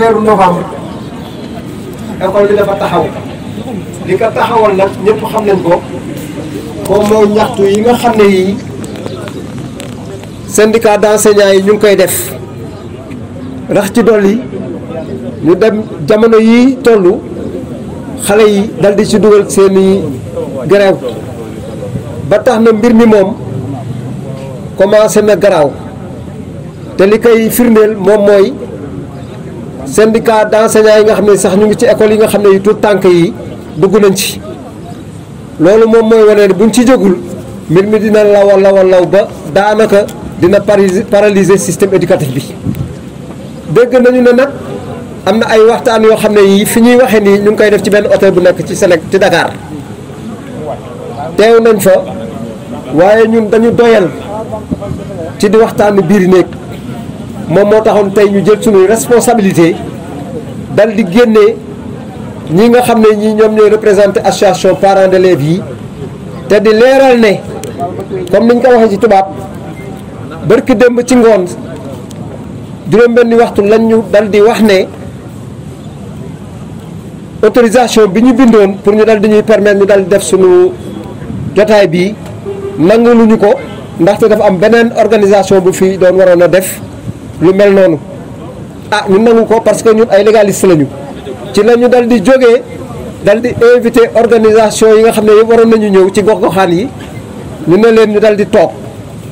weeru novembre école bi dafa taxaw li ko taxawal nag ñëpp xam nañ ko moom mooy ñaxtu yi nga xam ne yii syndicat d'enseignants yi ñu ngi koy def rax ci dolli ñu dem jamono yi tollu xale yi dal di ci dugal seeni grève ba tax na mbir mi moom commencé na garaaw te li koy firndeel moom mooy syndicat d'enseignants yi nga xam ne sax ñu ngi ci école yi nga xam ne yu tuut tànk yi dugg nañ ci loolu moom mooy wane ne buñ ci jógul mbir mi dina lawal lawal law ba daanaka dina paralyser système éducatif bi dégg nañu ne nag am na ay waxtaan yoo xam ne yii fi ñuy waxee nii ñu ngi koy def ci benn hôtel bu nekk ci Sénégal ci dakaar teew nañ fa waaye ñun dañu doyal ci di waxtaan biir néeg moom moo taxoon tey ñu jël suñuy responsabilité dal di génne ñi nga xam ne ñi ñoom ñooy représenté association de d'élèves yi te di leeral ne comme niñ ko waxee ci tubaab barki démb ci ngoon juróom-benni waxtu lañ ñu dal di wax ne autorisation bi ñu bindoon pour ñu dal di ñuy permettre ñu dal di def suñu jotaay bi nangu luñu ko ndaxte dafa am beneen organisation bu fi doon waroon a def lu mel noonu ah ñu nangu ko parce que ñun ay légaliste lañu ci la ñu dal di jógee dal di invité organisation yi nga xam ne yëpp waroon nañu ñëw ci gox-goxaan yi ñu ne leen ñu dal di toog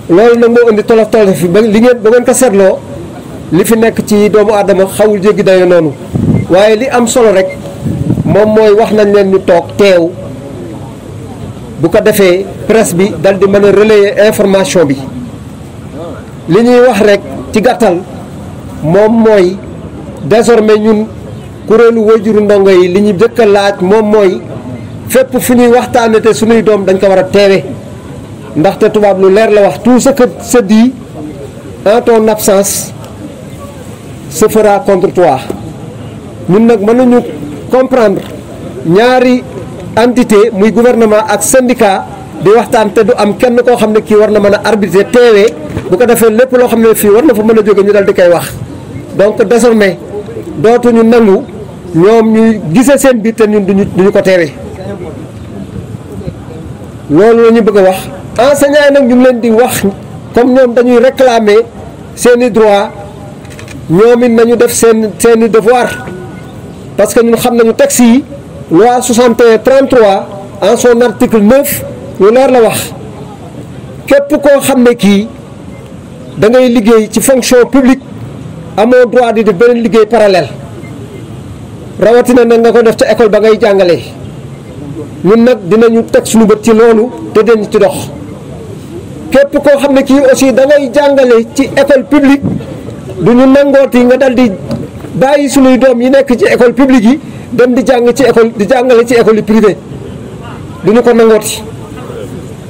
loolu nag moo indi tolof tolof fi ba li ngeen ba ngeen ko seetloo li fi nekk ci doomu aadama xawul jéggi dayo noonu waaye li am solo rek moom mooy wax nañ leen ñu toog teew bu ko defee presse bi dal di mën a relayer information bi li ñuy wax rek ci gàttal mom moy désormais ñun kuréelu wajuru ndongo yi li ñi jëkk laaj mom moy fépp fu ñuy waxtane té suñuy doom dañ ko wara téwé ndax té tubab lu leer la wax tout ce que se dit en ton absence se fera contre toi ñun nak nag ñu comprendre ñaari entité muy gouvernement ak syndicat di waxtaan te du am kenn ko xamne ki kii war na mën arbitrer teewee bu ko defee lépp lo xamne fi fii war na fa mën a ñu dal di kay wax donc désormais dootu ñu nangu ñom ñuy gisee seen bi te ñun duñu duñu ko teewee loolu lañu bëgg wax enseignant nak ñu ngi leen di wax comme ñom dañuy réclamer seen droit ñom it nañu def seen seen devoir parce que ñun xam nañu taxi loi 61 33 en son article 9 lu leer la wax képp koo xam ne kii da ngay liggéey ci fonction publique amoo droit di def beneen liggéey parallèle rawatina nag nga ko def ca école ba ngay jàngalee ñun nag dinañu teg suñu bët ci loolu te den ci dox képp koo xam ne kii aussi da ngay jàngale ci école publique du ñu nangooti nga dal di bàyyi suñuy doom yi nekk ci école publique yi dem di jàng ci école di jàngale ci école yi privée du ñu ko nangooti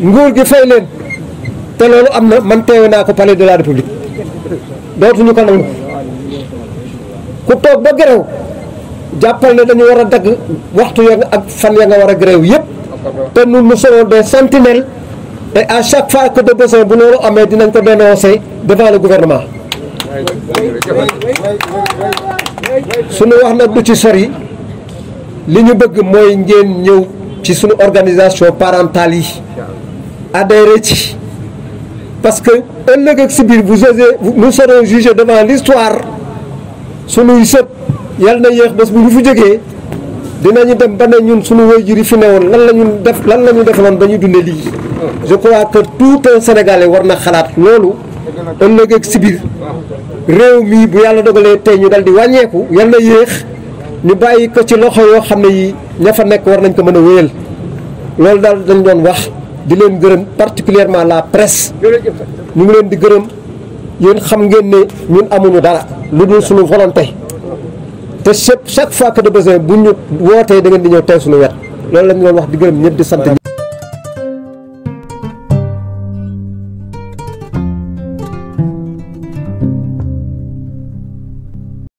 nguur gi fay len te lolu amna man teewe na ko palais de la république ñu ko nang ku tok ba gréew jappal ne dañu wara dag waxtu ya ak fan ya nga wara a yépp te nu mu solo des sentinelles et à chaque fois que de besoin bu lolu amé dinañ ko dénoncer devant le gouvernement suñu wax na du ci sori li ñu bëgg moy ngeen ñëw ci suñu organisation parentale yi adhéré ci parce que ëllëg ak si biir vous osez nous serons jugés devant l'histoire sunuy sët yal na yéex bés bu ñu fi jógee dinañu dem ba ne ñun sunu waajur yi fi newoon lan la ñu def lan la ñu defaloon ba ñu dundee lii je crois que tout un sénégalais war na xalaat loolu ëllëg ak si biir réew mi bu yàlla dogalee tey ñu dal di wàññeeku yal na yéex ñu bàyyi ko ci loxo yoo xam ne yii. ña fa nekk war nañ ko mën a wéyal loolu daal dañ doon wax di leen gërëm particulièrement la presse ñu ngi leen di gërëm yéen xam ngeen ne ñun amuñu dara lu dul suñu volonté te chaque chaque fois que de besoin bu ñu wootee da di ñëw teew suñu wet loolu lañ doon wax di gërëm ñëpp di sant